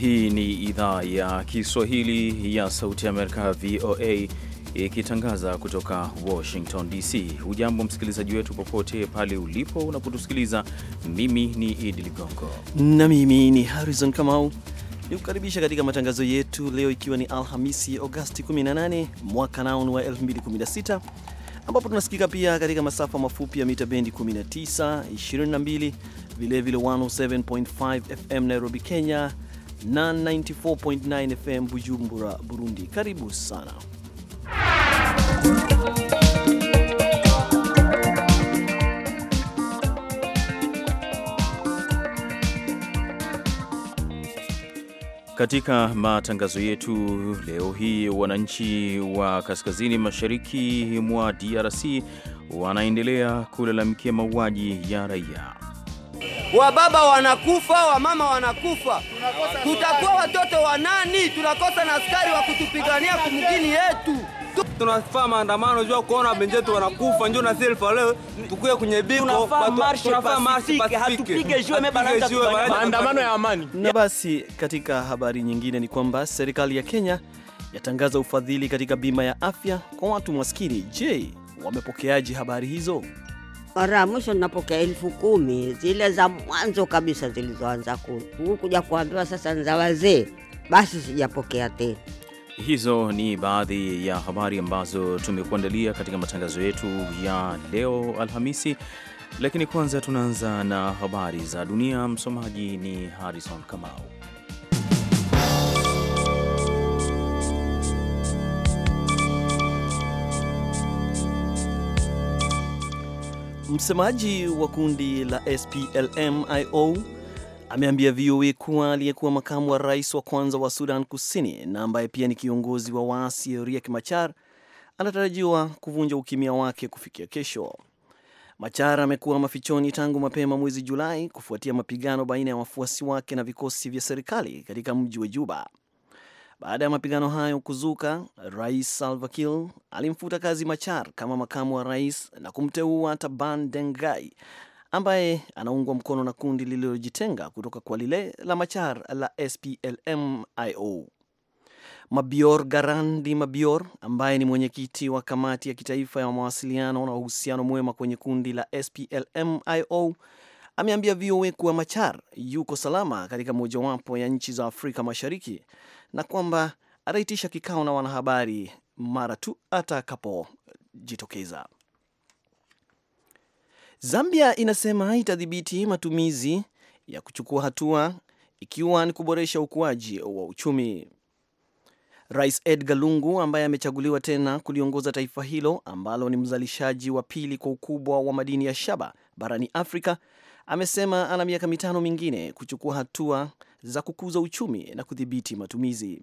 Hii ni idhaa ya Kiswahili ya Sauti ya Amerika, VOA, ikitangaza kutoka Washington DC. Hujambo msikilizaji wetu popote pale ulipo unapotusikiliza. Mimi ni Idi Ligongo na mimi ni Harrison Kamau ni kukaribisha katika matangazo yetu leo, ikiwa ni Alhamisi Agosti 18 mwaka naon wa 2016 ambapo tunasikika pia katika masafa mafupi ya mita bendi 19, 22, vilevile 107.5 FM Nairobi, Kenya na 94.9 FM Bujumbura, Burundi. Karibu sana Katika matangazo yetu leo hii, wananchi wa kaskazini mashariki mwa DRC wanaendelea kulalamikia mauaji ya raia. Wababa wanakufa, wamama wanakufa, tutakuwa watoto wa nani? Tunakosa na askari wa kutupigania kumgini yetu tunafaa maandamano jua kuona benjetu wanakufa, njo na silfa leo tukuye kwenye biko maandamano ya amani. Na basi katika habari nyingine ni kwamba serikali ya Kenya yatangaza ufadhili katika bima ya afya kwa watu maskini. Je, wamepokeaji habari hizo? Mara ya mwisho ninapokea elfu kumi zile za mwanzo kabisa zilizoanza kuja kuambiwa sasa ni za wazee, basi sijapokea tena. Hizo ni baadhi ya habari ambazo tumekuandalia katika matangazo yetu ya leo Alhamisi, lakini kwanza tunaanza na habari za dunia. Msomaji ni Harrison Kamau. Msemaji wa kundi la SPLM-IO ameambia VOA kuwa aliyekuwa makamu wa rais wa kwanza wa Sudan Kusini na ambaye pia ni kiongozi wa waasi Riek Machar anatarajiwa kuvunja ukimya wake kufikia kesho. Machar amekuwa mafichoni tangu mapema mwezi Julai kufuatia mapigano baina ya wafuasi wake na vikosi vya serikali katika mji wa Juba. Baada ya mapigano hayo kuzuka, Rais Salva Kiir alimfuta kazi Machar kama makamu wa rais na kumteua Taban Dengai ambaye anaungwa mkono na kundi lililojitenga kutoka kwa lile la Machar la splmio Mabior Garandi Mabior ambaye ni mwenyekiti wa kamati ya kitaifa ya mawasiliano na uhusiano mwema kwenye kundi la splmio ameambia VOA kuwa Machar yuko salama katika mojawapo ya nchi za Afrika Mashariki na kwamba ataitisha kikao na wanahabari mara tu atakapojitokeza. Zambia inasema itadhibiti matumizi ya kuchukua hatua ikiwa ni kuboresha ukuaji wa uchumi. Rais Edgar Lungu ambaye amechaguliwa tena kuliongoza taifa hilo ambalo ni mzalishaji wa pili kwa ukubwa wa madini ya shaba barani Afrika amesema ana miaka mitano mingine kuchukua hatua za kukuza uchumi na kudhibiti matumizi.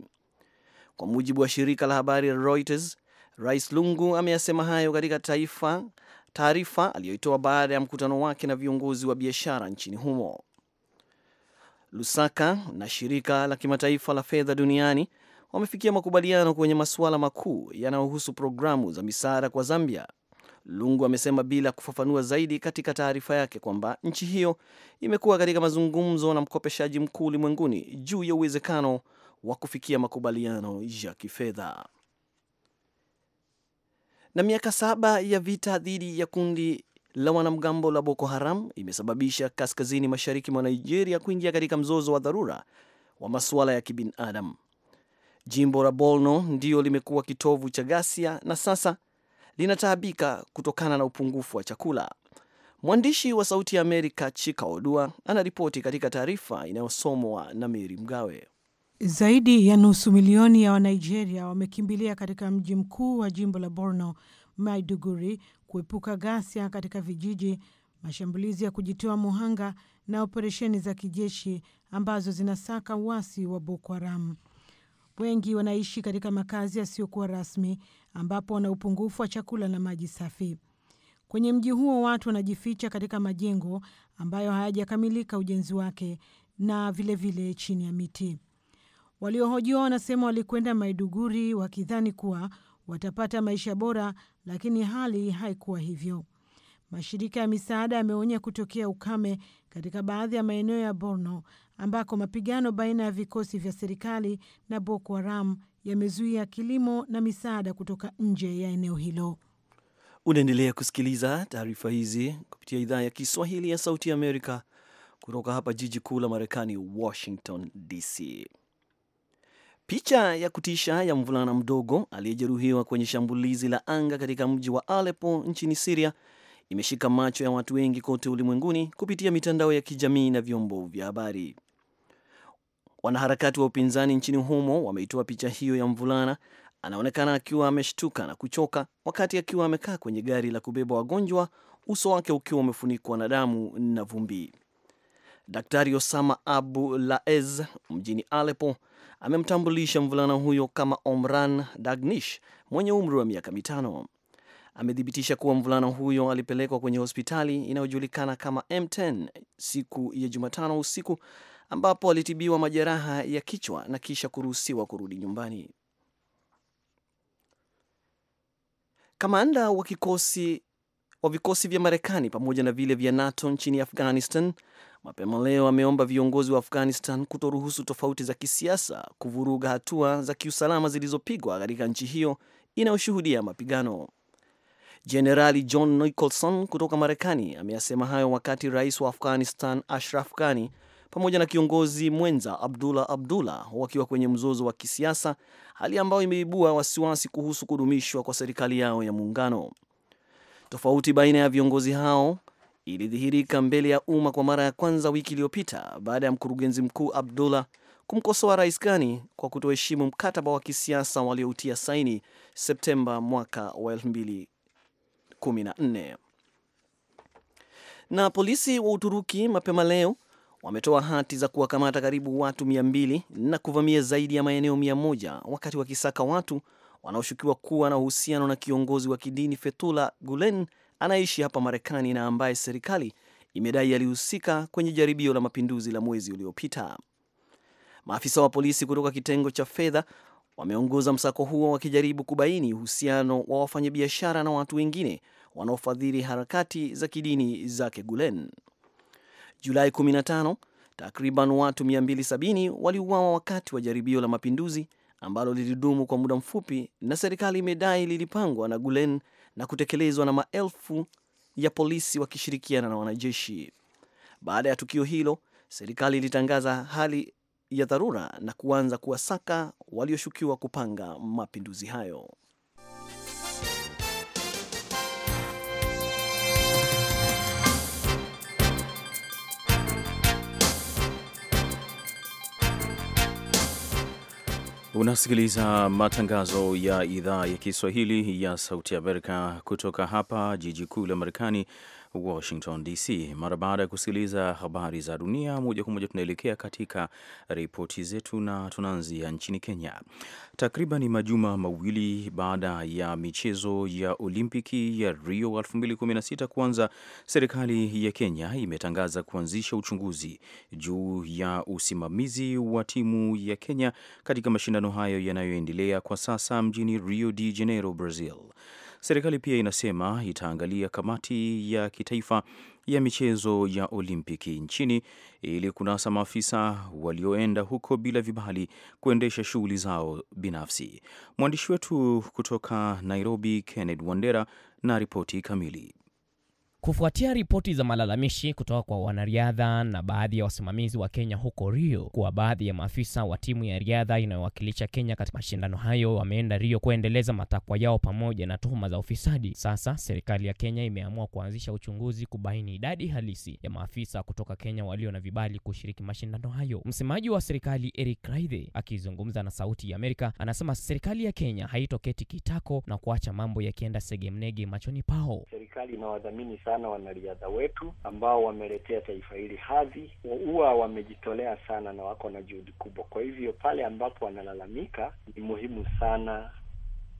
Kwa mujibu wa shirika la habari la Reuters, Rais Lungu ameyasema hayo katika taifa taarifa aliyoitoa baada ya mkutano wake na viongozi wa biashara nchini humo. Lusaka na shirika la kimataifa la fedha duniani wamefikia makubaliano kwenye masuala makuu yanayohusu programu za misaada kwa Zambia. Lungu amesema bila kufafanua zaidi katika taarifa yake kwamba nchi hiyo imekuwa katika mazungumzo na mkopeshaji mkuu ulimwenguni juu ya uwezekano wa kufikia makubaliano ya kifedha. Na miaka saba ya vita dhidi ya kundi la wanamgambo la Boko Haram imesababisha kaskazini mashariki mwa Nigeria kuingia katika mzozo wa dharura wa masuala ya kibinadamu. Jimbo la Borno ndio limekuwa kitovu cha ghasia na sasa linataabika kutokana na upungufu wa chakula. Mwandishi wa Sauti ya Amerika Chika Odua anaripoti katika taarifa inayosomwa na Meri Mgawe. Zaidi ya nusu milioni ya Wanigeria wamekimbilia katika mji mkuu wa jimbo la Borno, Maiduguri, kuepuka ghasia katika vijiji, mashambulizi ya kujitoa muhanga na operesheni za kijeshi ambazo zinasaka uasi wa Boko Haram. Wengi wanaishi katika makazi yasiyokuwa rasmi ambapo wana upungufu wa chakula na maji safi. Kwenye mji huo watu wanajificha katika majengo ambayo hayajakamilika ujenzi wake na vilevile vile chini ya miti. Waliohojiwa wanasema walikwenda Maiduguri wakidhani kuwa watapata maisha bora, lakini hali haikuwa hivyo. Mashirika ya misaada yameonya kutokea ukame katika baadhi ya maeneo ya Borno ambako mapigano baina ya vikosi vya serikali na Boko Haram yamezuia kilimo na misaada kutoka nje ya eneo hilo. Unaendelea kusikiliza taarifa hizi kupitia idhaa ya Kiswahili ya Sauti ya Amerika kutoka hapa jiji kuu la Marekani, Washington DC. Picha ya kutisha ya mvulana mdogo aliyejeruhiwa kwenye shambulizi la anga katika mji wa Aleppo nchini Syria imeshika macho ya watu wengi kote ulimwenguni kupitia mitandao ya kijamii na vyombo vya habari. Wanaharakati wa upinzani nchini humo wameitoa picha hiyo ya mvulana anaonekana akiwa ameshtuka na kuchoka wakati akiwa amekaa kwenye gari la kubeba wagonjwa, uso wake ukiwa umefunikwa na damu na vumbi. Daktari Osama Abu Laez mjini Aleppo amemtambulisha mvulana huyo kama Omran Dagnish mwenye umri wa miaka mitano. Amethibitisha kuwa mvulana huyo alipelekwa kwenye hospitali inayojulikana kama M10 siku ya Jumatano usiku ambapo alitibiwa majeraha ya kichwa na kisha kuruhusiwa kurudi nyumbani. Kamanda wa kikosi wa vikosi vya Marekani pamoja na vile vya NATO nchini Afghanistan mapema leo ameomba viongozi wa Afghanistan kutoruhusu tofauti za kisiasa kuvuruga hatua za kiusalama zilizopigwa katika nchi hiyo inayoshuhudia mapigano. Jenerali John Nicholson kutoka Marekani ameyasema hayo wakati rais wa Afghanistan Ashraf Ghani pamoja na kiongozi mwenza Abdullah Abdullah wakiwa kwenye mzozo wa kisiasa, hali ambayo imeibua wasiwasi kuhusu kudumishwa kwa serikali yao ya muungano. Tofauti baina ya viongozi hao ilidhihirika mbele ya umma kwa mara ya kwanza wiki iliyopita baada ya mkurugenzi mkuu Abdullah kumkosoa Rais Kani kwa kutoheshimu mkataba wa kisiasa walioutia saini Septemba mwaka wa 2014. Na polisi wa Uturuki mapema leo wametoa hati za kuwakamata karibu watu 200 na kuvamia zaidi ya maeneo 100 wakati wakisaka watu wanaoshukiwa kuwa na uhusiano na kiongozi wa kidini Fethullah Gulen anaishi hapa Marekani na ambaye serikali imedai alihusika kwenye jaribio la mapinduzi la mwezi uliopita. Maafisa wa polisi kutoka kitengo cha fedha wameongoza msako huo wakijaribu kubaini uhusiano wa wafanyabiashara na watu wengine wanaofadhili harakati za kidini zake gulen Julai 15 takriban watu 270 waliuawa wakati wa jaribio la mapinduzi ambalo lilidumu kwa muda mfupi na serikali imedai lilipangwa na Gulen na kutekelezwa na maelfu ya polisi wakishirikiana na wanajeshi. Baada ya tukio hilo, serikali ilitangaza hali ya dharura na kuanza kuwasaka walioshukiwa kupanga mapinduzi hayo. Unasikiliza matangazo ya idhaa ya Kiswahili ya Sauti Amerika kutoka hapa jiji kuu la Marekani Washington DC. Mara baada ya kusikiliza habari za dunia moja kwa moja, tunaelekea katika ripoti zetu na tunaanzia nchini Kenya. Takriban majuma mawili baada ya michezo ya Olimpiki ya Rio 2016 kuanza, serikali ya Kenya imetangaza kuanzisha uchunguzi juu ya usimamizi wa timu ya Kenya katika mashindano hayo yanayoendelea kwa sasa mjini Rio de Janeiro, Brazil. Serikali pia inasema itaangalia kamati ya kitaifa ya michezo ya Olimpiki nchini ili kunasa maafisa walioenda huko bila vibali kuendesha shughuli zao binafsi. Mwandishi wetu kutoka Nairobi, Kenneth Wandera, na ripoti kamili. Kufuatia ripoti za malalamishi kutoka kwa wanariadha na baadhi ya wasimamizi wa Kenya huko Rio kuwa baadhi ya maafisa wa timu ya riadha inayowakilisha Kenya katika mashindano hayo wameenda Rio kuendeleza matakwa yao pamoja na tuhuma za ufisadi, sasa serikali ya Kenya imeamua kuanzisha uchunguzi kubaini idadi halisi ya maafisa kutoka Kenya walio na vibali kushiriki mashindano hayo. Msemaji wa serikali Eric Raithe akizungumza na Sauti ya Amerika anasema serikali ya Kenya haitoketi kitako na kuacha mambo yakienda segemnege machoni pao. Serikali inawadhamini sana wanariadha wetu ambao wameletea taifa hili hadhi, huwa wamejitolea sana na wako na juhudi kubwa. Kwa hivyo pale ambapo wanalalamika, ni muhimu sana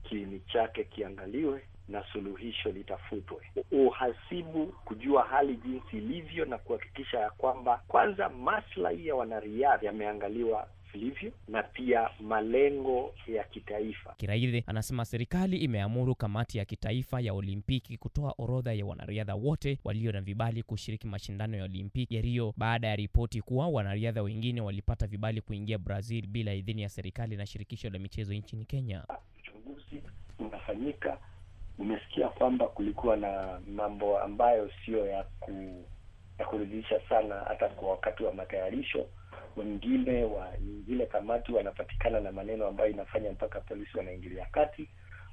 kiini chake kiangaliwe na suluhisho litafutwe. Uhasibu kujua hali jinsi ilivyo na kuhakikisha ya kwamba kwanza maslahi ya wanariadha yameangaliwa vilivyo na pia malengo ya kitaifa. Kiraithe anasema serikali imeamuru kamati ya kitaifa ya Olimpiki kutoa orodha ya wanariadha wote walio na vibali kushiriki mashindano ya Olimpiki ya Rio baada ya ripoti kuwa wanariadha wengine walipata vibali kuingia Brazil bila idhini ya serikali na shirikisho la michezo nchini Kenya. Uchunguzi unafanyika. Umesikia kwamba kulikuwa na mambo ambayo siyo ya, ku, ya kuridhisha sana hata kwa wakati wa matayarisho wengine wa ile kamati wanapatikana na maneno ambayo inafanya mpaka polisi wanaingilia kati.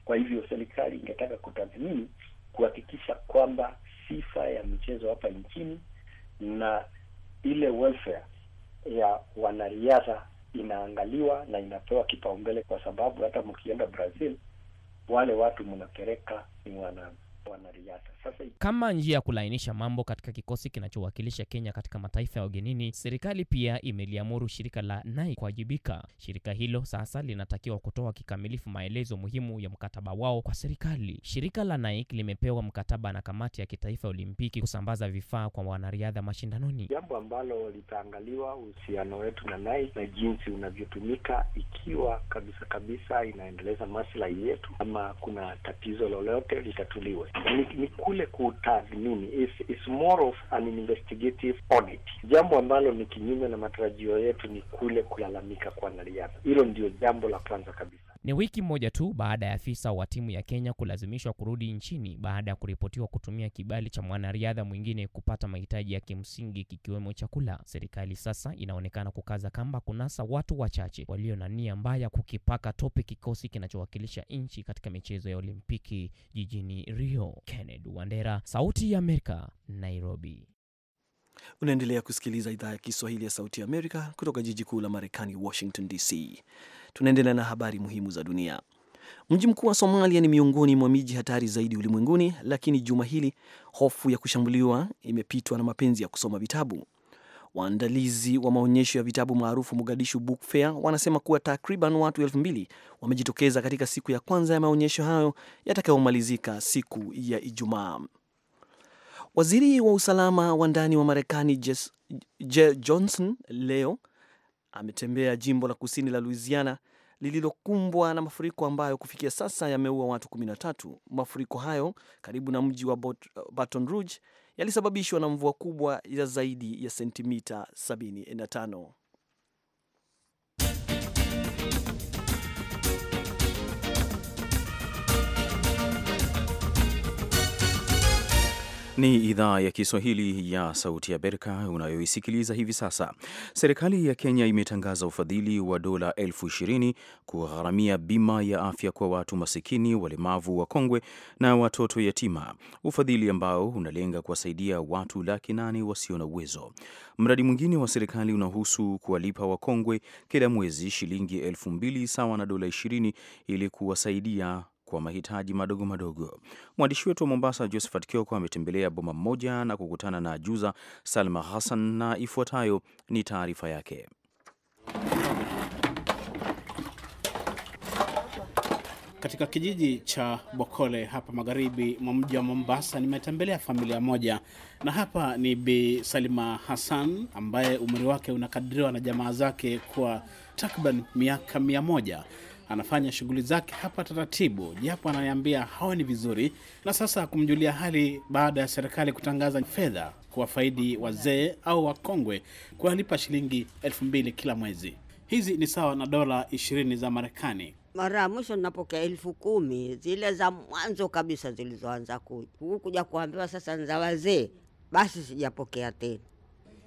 Kwa hivyo serikali ingetaka kutathmini kuhakikisha kwamba sifa ya mchezo hapa nchini na ile welfare ya wanariadha inaangaliwa na inapewa kipaumbele, kwa sababu hata mkienda Brazil wale watu mnapeleka ni wana wanariadha. Sasa kama njia ya kulainisha mambo katika kikosi kinachowakilisha Kenya katika mataifa ya ugenini, serikali pia imeliamuru shirika la NAI kuwajibika. Shirika hilo sasa linatakiwa kutoa kikamilifu maelezo muhimu ya mkataba wao kwa serikali. Shirika la NAI limepewa mkataba na kamati ya kitaifa ya Olimpiki kusambaza vifaa kwa wanariadha mashindanoni, jambo ambalo litaangaliwa uhusiano wetu na NAI na jinsi unavyotumika, ikiwa kabisa kabisa inaendeleza maslahi yetu ama kuna tatizo lolote litatuliwe ni, ni kule kutathmini. It's, it's more of an investigative audit. Jambo ambalo ni kinyume na matarajio yetu ni kule kulalamika kwa nariadha Hilo ndio jambo la kwanza kabisa. Ni wiki moja tu baada ya afisa wa timu ya Kenya kulazimishwa kurudi nchini baada ya kuripotiwa kutumia kibali cha mwanariadha mwingine kupata mahitaji ya kimsingi kikiwemo chakula. Serikali sasa inaonekana kukaza kamba kunasa watu wachache walio na nia mbaya kukipaka tope kikosi kinachowakilisha nchi katika michezo ya Olimpiki jijini Rio. Kennedy Wandera, Sauti ya Amerika, Nairobi. Unaendelea kusikiliza idhaa ya Kiswahili ya Sauti ya Amerika kutoka jiji kuu la Marekani, Washington DC tunaendelea na habari muhimu za dunia. Mji mkuu wa Somalia ni miongoni mwa miji hatari zaidi ulimwenguni, lakini juma hili hofu ya kushambuliwa imepitwa na mapenzi ya kusoma vitabu. Waandalizi wa maonyesho ya vitabu maarufu Mogadishu Book Fair wanasema kuwa takriban watu elfu mbili wamejitokeza katika siku ya kwanza ya maonyesho hayo yatakayomalizika siku ya Ijumaa. Waziri wa usalama wa ndani wa Marekani Jeh Johnson leo ametembea jimbo la kusini la Louisiana lililokumbwa na mafuriko ambayo kufikia sasa yameua watu 13. Mafuriko hayo karibu na mji wa Baton Rouge yalisababishwa na mvua kubwa ya zaidi ya sentimita 75. Ni idhaa ya Kiswahili ya Sauti ya Amerika unayoisikiliza hivi sasa. Serikali ya Kenya imetangaza ufadhili wa dola elfu ishirini kugharamia bima ya afya kwa watu masikini, walemavu, wakongwe na watoto yatima, ufadhili ambao unalenga kuwasaidia watu laki nane wasio na uwezo. Mradi mwingine wa serikali unahusu kuwalipa wakongwe kila mwezi shilingi elfu mbili sawa na dola ishirini ili kuwasaidia kwa mahitaji madogo madogo. Mwandishi wetu wa Mombasa, Josephat Kioko, ametembelea boma mmoja na kukutana na juza Salma Hassan, na ifuatayo ni taarifa yake. Katika kijiji cha Bokole hapa magharibi mwa mji wa Mombasa, nimetembelea familia moja, na hapa ni Bi Salima Hassan ambaye umri wake unakadiriwa na jamaa zake kwa takriban miaka mia moja anafanya shughuli zake hapa taratibu, japo ananiambia haoni vizuri. Na sasa kumjulia hali baada ya serikali kutangaza fedha kuwafaidi wazee au wakongwe, kuwalipa shilingi elfu mbili kila mwezi. Hizi ni sawa na dola ishirini za Marekani. Mara ya mwisho ninapokea elfu kumi zile za mwanzo kabisa zilizoanza kuja huku, kuja kuambiwa sasa ni za wazee, basi sijapokea tena,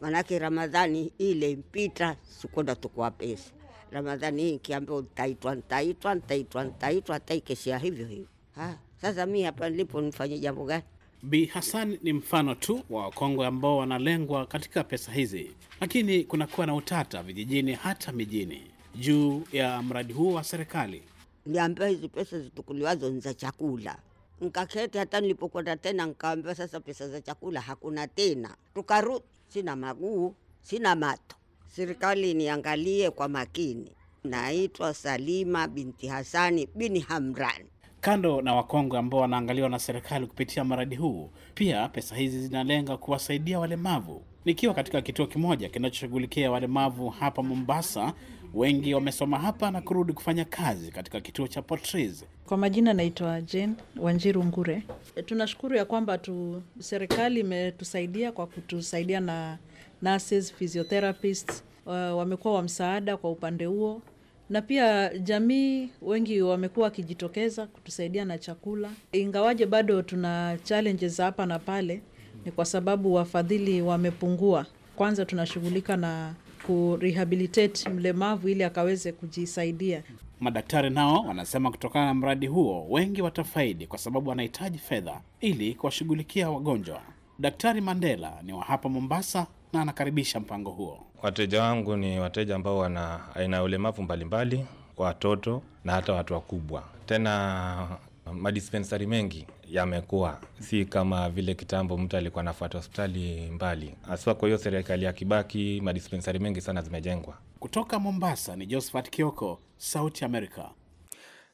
maanake Ramadhani ile mpita, sikwenda tukuwa pesa Ramadhani hii kiambia ntaitwa ntaitwa ntaitwa ntaitwa hata ikeshia hivyo hivyo. Ha, sasa mi hapa nilipo nifanye jambo gani? Bi Hassan ni mfano tu wa wakongwe ambao wanalengwa katika pesa hizi, lakini kunakuwa na utata vijijini hata mijini juu ya mradi huu wa serikali. Niliambiwa hizi pesa zitukuliwazo ni za chakula Nkaketi hata nilipokwenda tena nkaambiwa, sasa pesa za chakula hakuna tena. Tukarudi, sina maguu, sina mato, serikali niangalie kwa makini. Naitwa Salima binti Hasani bin Hamran. Kando na wakongwe ambao wanaangaliwa na serikali kupitia mradi huu, pia pesa hizi zinalenga kuwasaidia walemavu. Nikiwa katika kituo kimoja kinachoshughulikia walemavu hapa Mombasa, wengi wamesoma hapa na kurudi kufanya kazi katika kituo cha Portrees. Kwa majina naitwa Jane Wanjiru Ngure. E, tunashukuru ya kwamba tu serikali imetusaidia kwa kutusaidia na nurses, physiotherapists uh, wamekuwa wa msaada kwa upande huo, na pia jamii wengi wamekuwa wakijitokeza kutusaidia na chakula, ingawaje bado tuna challenges hapa na pale. Ni kwa sababu wafadhili wamepungua. Kwanza tunashughulika na kurehabilitate mlemavu ili akaweze kujisaidia. Madaktari nao wanasema kutokana na mradi huo wengi watafaidi, kwa sababu wanahitaji fedha ili kuwashughulikia wagonjwa. Daktari Mandela ni wa hapa Mombasa, na anakaribisha mpango huo. Wateja wangu ni wateja ambao wana aina ya ulemavu mbalimbali, watoto na hata watu wakubwa. Tena madispensari mengi yamekuwa si kama vile kitambo, mtu alikuwa anafuata hospitali mbali haswa. Kwa hiyo serikali ya Kibaki madispensari mengi sana zimejengwa. Kutoka Mombasa ni Josephat Kioko, Sauti America.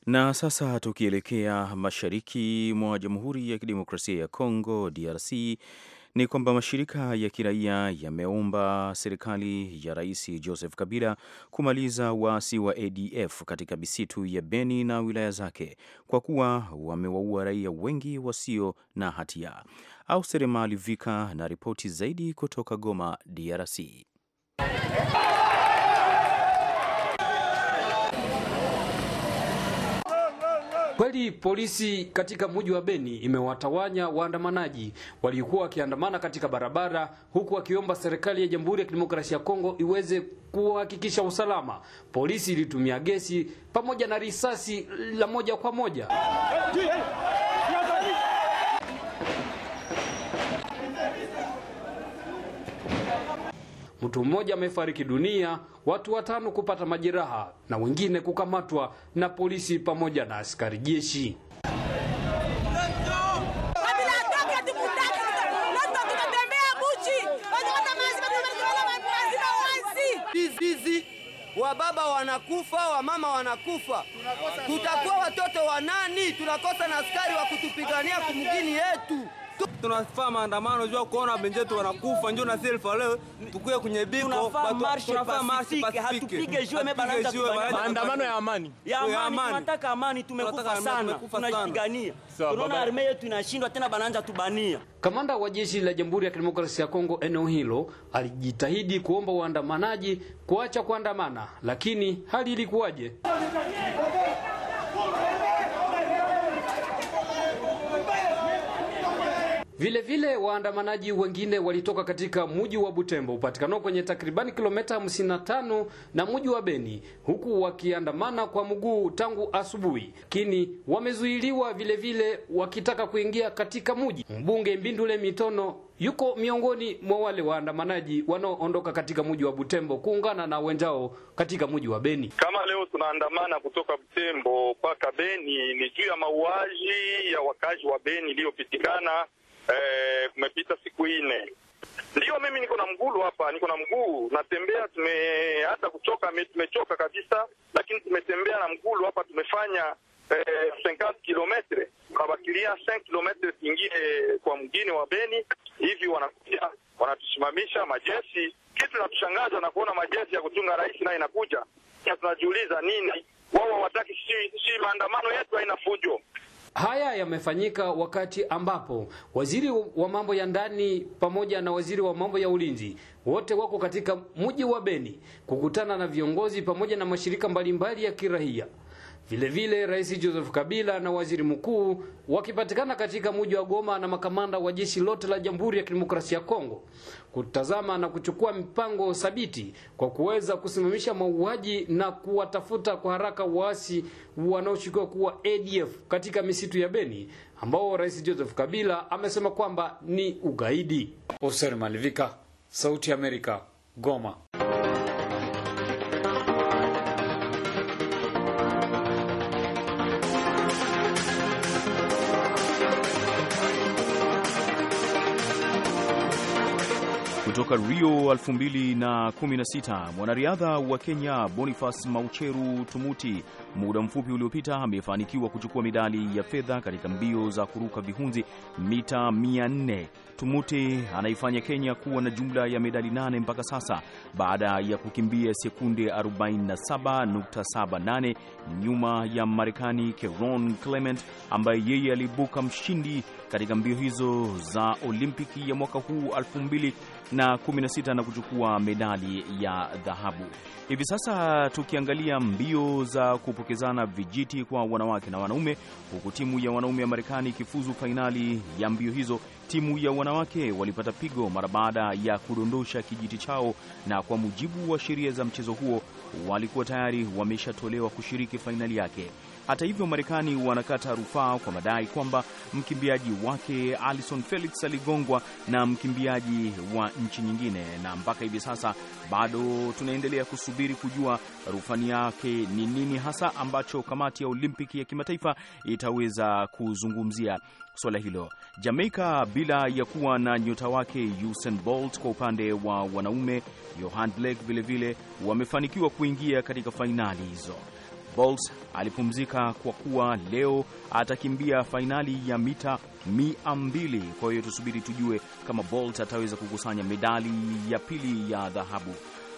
Na sasa tukielekea mashariki mwa Jamhuri ya Kidemokrasia ya congo DRC ni kwamba mashirika ya kiraia yameomba serikali ya Rais Joseph Kabila kumaliza waasi wa ADF katika misitu ya Beni na wilaya zake kwa kuwa wamewaua raia wengi wasio na hatia. au seremali vika na ripoti zaidi kutoka Goma, DRC. Kweli polisi katika mji wa Beni imewatawanya waandamanaji waliokuwa wakiandamana katika barabara huku wakiomba serikali ya Jamhuri ya Kidemokrasia ya Kongo iweze kuhakikisha usalama. Polisi ilitumia gesi pamoja na risasi la moja kwa moja. mtu mmoja amefariki dunia, watu watano kupata majeraha na wengine kukamatwa na polisi pamoja na askari jeshi. Wababa wanakufa, wamama wanakufa, tutakuwa watoto wa nani? Tunakosa na askari wa kutupigania kumgini yetu tunafaa maandamano jua kuona benjetu wanakufa, njo na silfa leo tukuye kwenye biko hatupige jua maandamano ya amani ya amani. Tunataka amani, tumekufa sana, tunashigania tunaona arme yetu inashindwa tena, bananja tubania. Kamanda wa jeshi la Jamhuri ya Kidemokrasia ya Kongo eneo hilo alijitahidi kuomba waandamanaji kuacha kuandamana, lakini hali ilikuwaje? Vile vile waandamanaji wengine walitoka katika mji wa Butembo upatikanao kwenye takribani kilomita 55 na mji wa Beni, huku wakiandamana kwa mguu tangu asubuhi, lakini wamezuiliwa vile vile wakitaka kuingia katika mji. Mbunge Mbindule Mitono yuko miongoni mwa wale waandamanaji wanaoondoka katika mji wa Butembo kuungana na wenzao katika mji wa Beni. Kama leo tunaandamana kutoka Butembo mpaka Beni ni juu ya mauaji ya wakazi wa Beni iliyopitikana eh, kumepita siku nne. Ndio mimi niko na mgulu hapa, niko na mguu natembea, tume hata kuchoka tumechoka kabisa, lakini tumetembea na mgulu hapa, tumefanya eh, 50 kilometre, tunabakilia 5 kilometre zingine kwa mgini wa Beni. Hivi wanakuja wanatusimamisha majeshi. Kitu natushangaza na kuona majeshi ya kuchunga rais naye inakuja, tunajiuliza nini? Wao hawataki, si maandamano yetu haina fujo Haya yamefanyika wakati ambapo waziri wa mambo ya ndani pamoja na waziri wa mambo ya ulinzi wote wako katika mji wa Beni kukutana na viongozi pamoja na mashirika mbalimbali ya kiraia. Vilevile Rais Joseph Kabila na waziri mkuu wakipatikana katika mji wa Goma na makamanda wa jeshi lote la Jamhuri ya Kidemokrasia ya Kongo kutazama na kuchukua mipango thabiti kwa kuweza kusimamisha mauaji na kuwatafuta kwa haraka waasi wanaoshukiwa kuwa ADF katika misitu ya Beni ambao Rais Joseph Kabila amesema kwamba ni ugaidi. Oser Malivika, Sauti ya Amerika, Goma. kutoka Rio 2016 mwanariadha wa Kenya Boniface Maucheru Tumuti muda mfupi uliopita amefanikiwa kuchukua medali ya fedha katika mbio za kuruka vihunzi mita 400. Tumuti anaifanya Kenya kuwa na jumla ya medali 8 mpaka sasa baada ya kukimbia sekunde 47.78 nyuma ya Marekani Keron Clement ambaye yeye alibuka mshindi katika mbio hizo za Olimpiki ya mwaka huu 2000 na 16 na kuchukua medali ya dhahabu. Hivi sasa tukiangalia mbio za kupokezana vijiti kwa wanawake na wanaume, huku timu ya wanaume ya Marekani ikifuzu fainali ya mbio hizo, timu ya wanawake walipata pigo mara baada ya kudondosha kijiti chao, na kwa mujibu wa sheria za mchezo huo walikuwa tayari wameshatolewa kushiriki fainali yake. Hata hivyo, Marekani wanakata rufaa kwa madai kwamba mkimbiaji wake Alison Felix aligongwa na mkimbiaji wa nchi nyingine, na mpaka hivi sasa bado tunaendelea kusubiri kujua rufani yake ni nini hasa ambacho kamati ya Olimpiki ya kimataifa itaweza kuzungumzia swala hilo. jamaika bila ya kuwa na nyota wake Usain Bolt kwa upande wa wanaume, Yohan Blake vilevile wamefanikiwa kuingia katika fainali hizo. Bolts alipumzika kwa kuwa leo atakimbia fainali ya mita mia mbili. Kwa hiyo tusubiri tujue kama Bolt ataweza kukusanya medali ya pili ya dhahabu.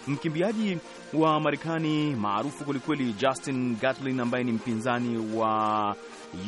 Mkimbiaji wa Marekani maarufu kwelikweli Justin Gatlin ambaye ni mpinzani wa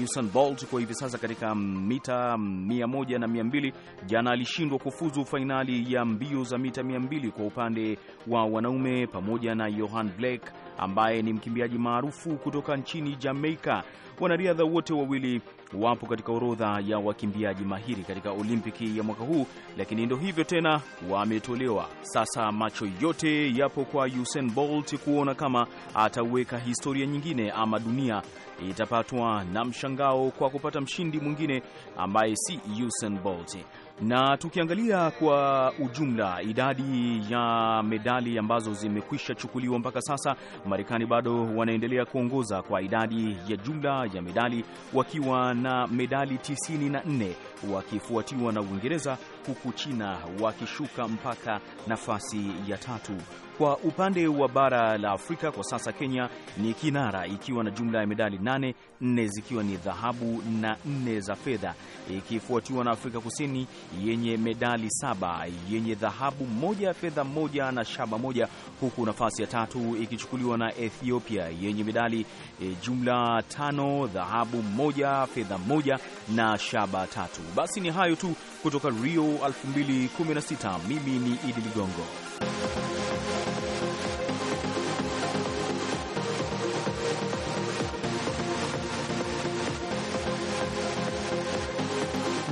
Usain Bolt kwa hivi sasa katika mita 100 na 200, jana alishindwa kufuzu fainali ya mbio za mita 200 kwa upande wa wanaume pamoja na Johan Blake ambaye ni mkimbiaji maarufu kutoka nchini Jamaika. Wanariadha wote wawili wapo katika orodha ya wakimbiaji mahiri katika Olimpiki ya mwaka huu, lakini ndo hivyo tena, wametolewa. Sasa macho yote yapo kwa Usain Bolt kuona kama ataweka historia nyingine ama dunia itapatwa na mshangao kwa kupata mshindi mwingine ambaye si Usain Bolt. Na tukiangalia kwa ujumla idadi ya medali ambazo zimekwisha chukuliwa mpaka sasa, Marekani bado wanaendelea kuongoza kwa idadi ya jumla ya medali wakiwa na medali 94 wakifuatiwa na Uingereza huku China wakishuka mpaka nafasi ya tatu. Kwa upande wa bara la Afrika kwa sasa, Kenya ni kinara ikiwa na jumla ya medali nane, nne zikiwa ni dhahabu na nne za fedha, ikifuatiwa na Afrika Kusini yenye medali saba, yenye dhahabu moja, fedha moja na shaba moja, huku nafasi ya tatu ikichukuliwa na Ethiopia yenye medali e, jumla tano, dhahabu moja, fedha moja na shaba tatu. Basi ni hayo tu kutoka Rio 2016. Mimi ni Idi Ligongo.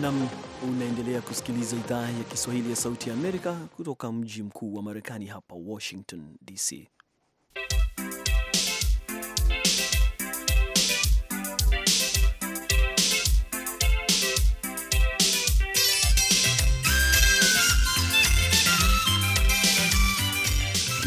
Nam, unaendelea kusikiliza idhaa ya Kiswahili ya Sauti ya Amerika kutoka mji mkuu wa Marekani hapa Washington DC.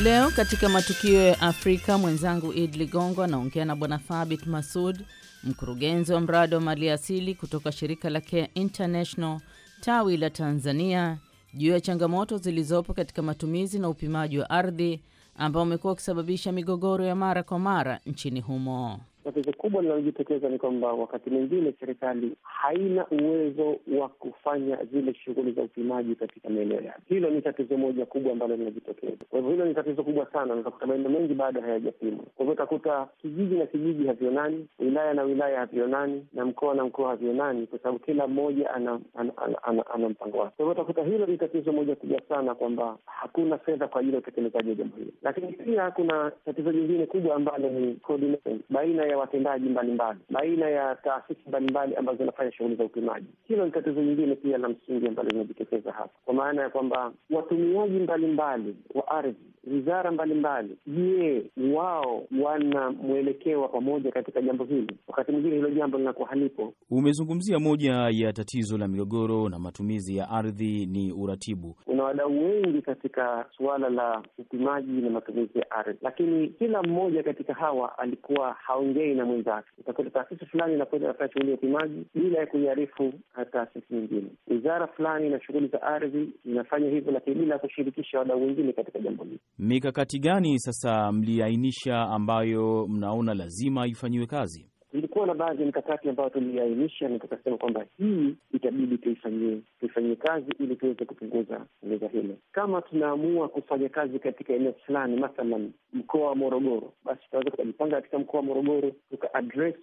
Leo katika matukio ya Afrika, mwenzangu Id Ligongo anaongea na Bwana Thabit Masud, mkurugenzi wa mradi wa mali asili kutoka shirika la Care International tawi la Tanzania, juu ya changamoto zilizopo katika matumizi na upimaji wa ardhi ambao umekuwa ukisababisha migogoro ya mara kwa mara nchini humo. Tatizo kubwa linalojitokeza ni kwamba wakati mwingine serikali haina uwezo wa kufanya zile shughuli za upimaji katika maeneo yake. Hilo ni tatizo moja kubwa ambalo linajitokeza. Kwa hivyo hilo ni tatizo kubwa sana, utakuta maeneo mengi bado hayajapimwa. Kwa hivyo utakuta kijiji na kijiji havionani, wilaya na wilaya havionani, na mkoa na mkoa havionani, kwa sababu kila mmoja ana, ana, ana, ana, ana mpango wake. Kwa hivyo utakuta hilo ni tatizo moja kubwa sana, kwamba hakuna fedha kwa ajili ya utekelezaji wa jambo hilo. Lakini pia kuna tatizo jingine kubwa ambalo ni coordination baina ya ya watendaji mbalimbali, baina ya taasisi mbalimbali ambazo zinafanya shughuli za upimaji. Hilo ni tatizo nyingine pia la msingi ambalo linajitokeza hapa, kwa maana ya kwamba watumiaji mbalimbali wa ardhi, wizara mbalimbali, je, wao wana mwelekeo wa pamoja katika jambo hili? Wakati mwingine hilo jambo linakuwa halipo. Umezungumzia moja ya tatizo la migogoro na matumizi ya ardhi ni uratibu. Kuna wadau wengi katika suala la upimaji na matumizi ya ardhi, lakini kila mmoja katika hawa alikuwa haongei yeye na mwenzake. Utakuta taasisi fulani inakwenda inafanya shughuli ya upimaji bila ya kuiarifu taasisi nyingine. Wizara fulani na shughuli za ardhi inafanya hivyo, lakini bila ya kushirikisha wadau wengine katika jambo hili. Mikakati gani sasa mliainisha ambayo mnaona lazima ifanyiwe kazi? Ilikuwa na baadhi ya mikakati ambayo tuliainisha na tukasema kwamba hii itabidi tuifanyie tuifanyie kazi ili tuweze kupunguza ongeza hilo. Kama tunaamua kufanya kazi katika eneo fulani, mathalan mkoa wa Morogoro, basi tunaweza tukajipanga katika mkoa wa Morogoro tuka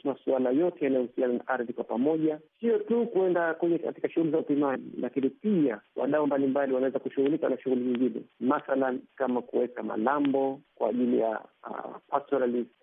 masuala yote yanayohusiana na ardhi kwa pamoja, sio tu kuenda kwenye katika shughuli za upimaji, lakini pia wadau mbalimbali wanaweza kushughulika na shughuli nyingine, mathalan kama kuweka malambo kwa ajili ya uh,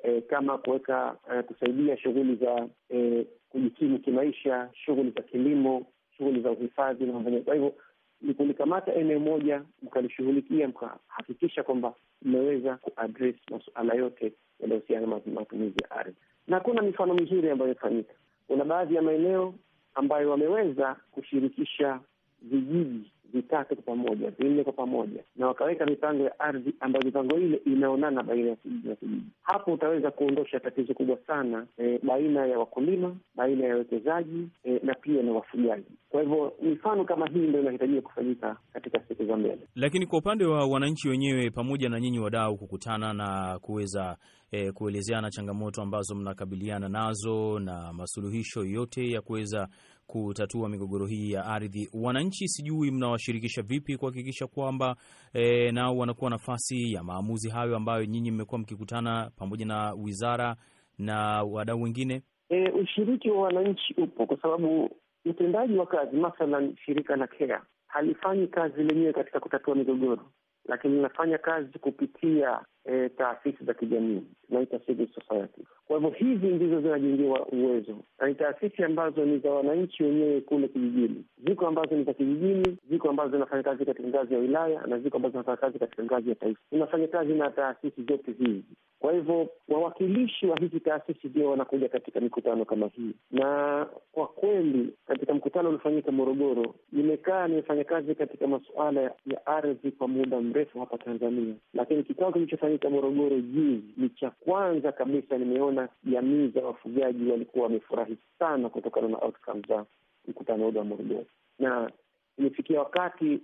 eh, kama kuweka uh, kusaidia shughuli shughuli za e, kujikimu kimaisha, shughuli za kilimo, shughuli za uhifadhi na mambo. Kwa hivyo ni kulikamata eneo moja, mkalishughulikia, mkahakikisha kwamba mmeweza kuaddress masuala yote yanayohusiana na matumizi ya ardhi, na kuna mifano mizuri ambayo imefanyika. Kuna baadhi ya maeneo ambayo wameweza kushirikisha vijiji vitatu kwa pamoja, vinne kwa pamoja, na wakaweka mipango ya ardhi ambayo mipango ile inaonana baina ya kijiji na kijiji. Hapo utaweza kuondosha tatizo kubwa sana e, baina ya wakulima, baina ya wawekezaji e, na pia na wafugaji. Kwa hivyo mifano kama hii ndo inahitajika kufanyika katika siku za mbele. Lakini kwa upande wa wananchi wenyewe, pamoja na nyinyi wadau kukutana na kuweza e, kuelezeana changamoto ambazo mnakabiliana nazo na masuluhisho yote ya kuweza kutatua migogoro hii ya ardhi. Wananchi sijui mnawashirikisha vipi kuhakikisha kwamba e, nao wanakuwa nafasi ya maamuzi hayo ambayo nyinyi mmekuwa mkikutana pamoja na wizara na wadau wengine? E, ushiriki wa wananchi upo kwa sababu utendaji wa kazi, mathalan shirika la KEA halifanyi kazi lenyewe katika kutatua migogoro, lakini linafanya kazi kupitia e, taasisi za kijamii tunaita civil society. Kwa hivyo hizi ndizo zinajengewa uwezo, na ni taasisi ambazo ni za wananchi wenyewe kule kijijini. Ziko ambazo ni za kijijini, ziko ambazo zinafanya kazi katika ngazi ya wilaya, na ziko ambazo zinafanya kazi katika ngazi ya taifa. Zinafanya kazi na taasisi zote hizi. Kwa hivyo wawakilishi wa hizi taasisi ndio wanakuja katika mikutano kama hii, na kwa kweli katika mkutano uliofanyika Morogoro, nimekaa nimefanya kazi katika masuala ya ardhi kwa muda mrefu hapa Tanzania, lakini kikao kilichofanyika katika Morogoro jiji ni cha kwanza kabisa nimeona jamii za wafugaji walikuwa wamefurahi sana kutokana na outcome za mkutano ule wa Morogoro, na imefikia wakati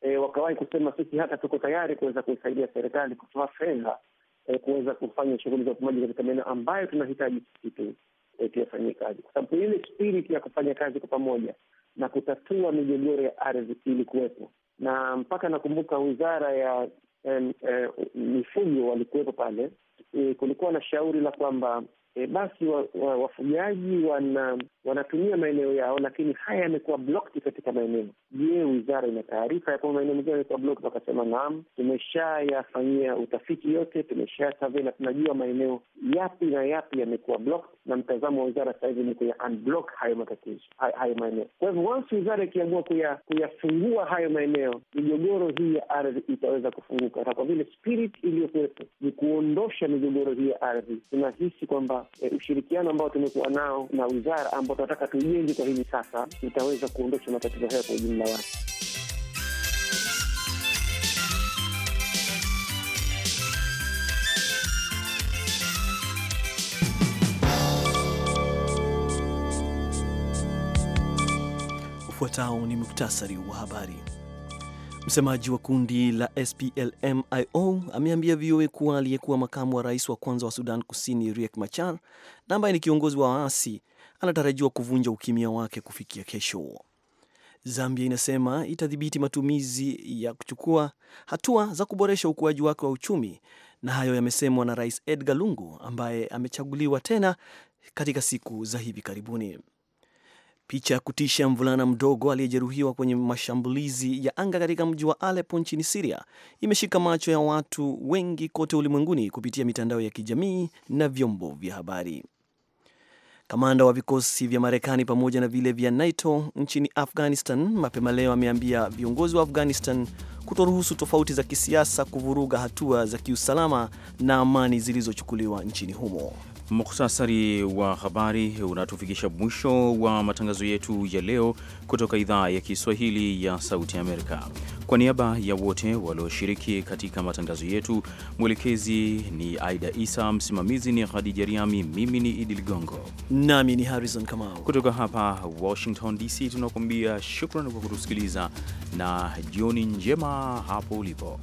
e, wakawahi kusema sisi hata tuko tayari kuweza kuisaidia serikali kutoa fedha e, kuweza kufanya shughuli za upimaji katika maeneo ambayo tunahitaji sisi tu e, tuyafanyie kazi, kwa sababu ile spirit ya kufanya kazi kwa pamoja na kutatua migogoro ya ardhi ilikuwepo na mpaka nakumbuka wizara ya Eh, mifugo walikuwepo pale. E, kulikuwa na shauri la kwamba e, basi wafugaji wa, wafugaji wana, wanatumia maeneo yao, lakini haya yamekuwa blocked katika maeneo. Je, wizara ina taarifa ya kwamba maeneo mengine yamekuwa blocked? Wakasema naam, tumeshayafanyia utafiti yote, tumesha survey na tunajua maeneo yapi na yapi yamekuwa blocked, na mtazamo wa wizara sahizi ni kuya unblock hayo matatizo hayo maeneo. Kwa hivyo once wizara ikiamua kuya, kuyafungua hayo maeneo, migogoro hii ya ardhi itaweza kufunguka, na kwa vile spirit iliyokuwepo ni kuondosha migogoro hii ya ardhi, tunahisi kwamba e, ushirikiano ambao tumekuwa nao na wizara ambao tunataka tujenge kwa hivi sasa itaweza kuondosha matatizo hayo kwa ujumla wake. Ufuatao ni muktasari wa habari. Msemaji wa kundi la splmio ameambia VOA kuwa aliyekuwa makamu wa rais wa kwanza wa Sudan Kusini Riek Machar na ambaye ni kiongozi wa waasi anatarajiwa kuvunja ukimya wake kufikia kesho. Zambia inasema itadhibiti matumizi ya kuchukua hatua za kuboresha ukuaji wake wa uchumi, na hayo yamesemwa na Rais Edgar Lungu ambaye amechaguliwa tena katika siku za hivi karibuni. Picha ya kutisha mvulana mdogo aliyejeruhiwa kwenye mashambulizi ya anga katika mji wa Aleppo nchini Syria imeshika macho ya watu wengi kote ulimwenguni kupitia mitandao ya kijamii na vyombo vya habari. Kamanda wa vikosi vya Marekani pamoja na vile vya NATO nchini Afghanistan mapema leo ameambia viongozi wa Afghanistan kutoruhusu tofauti za kisiasa kuvuruga hatua za kiusalama na amani zilizochukuliwa nchini humo. Mukhtasari wa habari unatufikisha mwisho wa matangazo yetu ya leo kutoka idhaa ya Kiswahili ya Sauti Amerika. Kwa niaba ya wote walioshiriki katika matangazo yetu, mwelekezi ni Aida Isa, msimamizi ni Khadija Riami, mimi ni Idi Ligongo nami ni Harrison Kamau kutoka hapa Washington DC, tunakuambia shukran kwa kutusikiliza na jioni njema hapo ulipo.